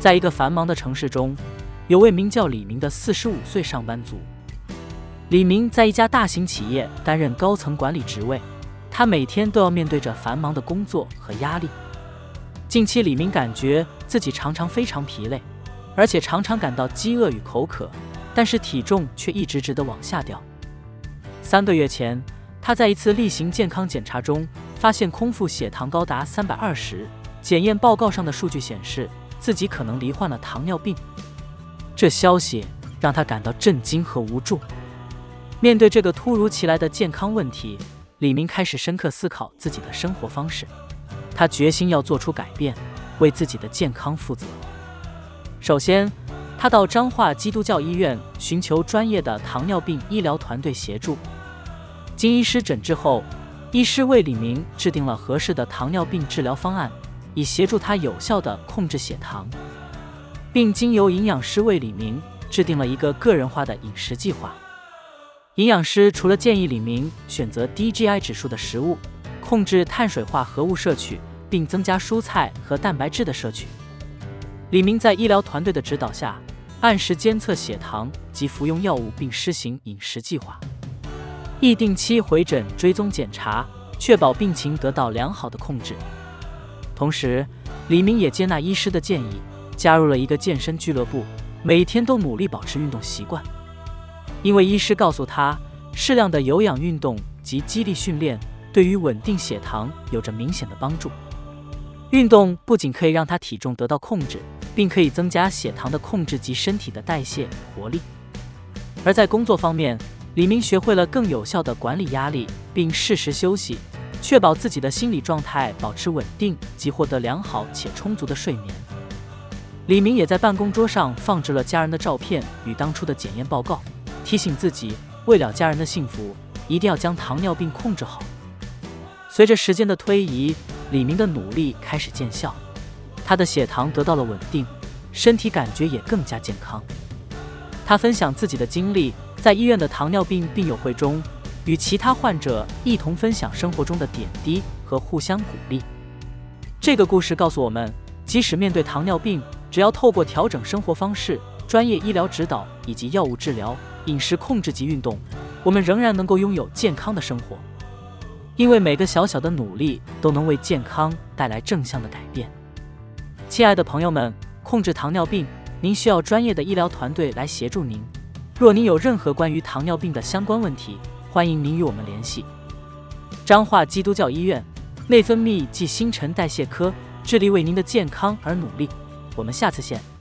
在一個繁忙的城市中，有位名叫李明的四十五歲上班族。李明在一家大型企業擔任高層管理職位，他每天都要面對着繁忙的工作和壓力。近期，李明感覺自己常常非常疲累，而且常常感到飢餓與口渴，但是體重卻一直直的往下掉。三個月前，他在一次例行健康檢查中發現空腹血糖高達三百二十。檢驗報告上的數據顯示，自己可能罹患了糖尿病，這消息讓他感到震驚和無助。面對這個突如其來的健康問題，李明開始深刻思考自己的生活方式。他決心要做出改變，為自己的健康負責。首先，他到彰化基督教醫院尋求專業的糖尿病醫療團隊協助。經醫師診治後，醫師為李明制定了合適的糖尿病治療方案。以協助他有效地控制血糖，並經由營養師為李明制定了一個個人化的飲食計劃。營養師除了建議李明選擇低 GI 指數的食物，控制碳水化合物攝取，並增加蔬菜和蛋白質的攝取，李明在醫療團隊的指導下，按時監測血糖及服用藥物，並施行飲食計劃，亦定期回診追蹤檢查，確保病情得到良好的控制。同時，李明也接納醫師的建議，加入了一個健身俱樂部，每天都努力保持運動習慣。因為醫師告訴他，適量的有氧運動及肌力訓練對於穩定血糖有着明顯的幫助。運動不僅可以讓他體重得到控制，並可以增加血糖的控制及身體的代謝活力。而在工作方面，李明學會了更有效的管理壓力，並適時休息。確保自己的心理狀態保持穩定及獲得良好且充足的睡眠。李明也在辦公桌上放置了家人的照片與當初的檢驗報告，提醒自己為了家人的幸福，一定要將糖尿病控制好。隨着時間的推移，李明的努力開始見效，他的血糖得到了穩定，身體感覺也更加健康。他分享自己的經歷，在醫院的糖尿病病友會中。與其他患者一同分享生活中的點滴和互相鼓勵。這個故事告訴我們，即使面對糖尿病，只要透過調整生活方式、專業醫療指導以及藥物治療、飲食控制及運動，我們仍然能夠擁有健康的生活。因為每個小小的努力都能為健康帶來正向的改變。親愛的朋友們，控制糖尿病，您需要專業的醫療團隊來協助您。若您有任何關於糖尿病的相關問題，歡迎您與我們聯繫，彰化基督教醫院內分泌暨新陳代謝科，致力為您的健康而努力。我們下次見。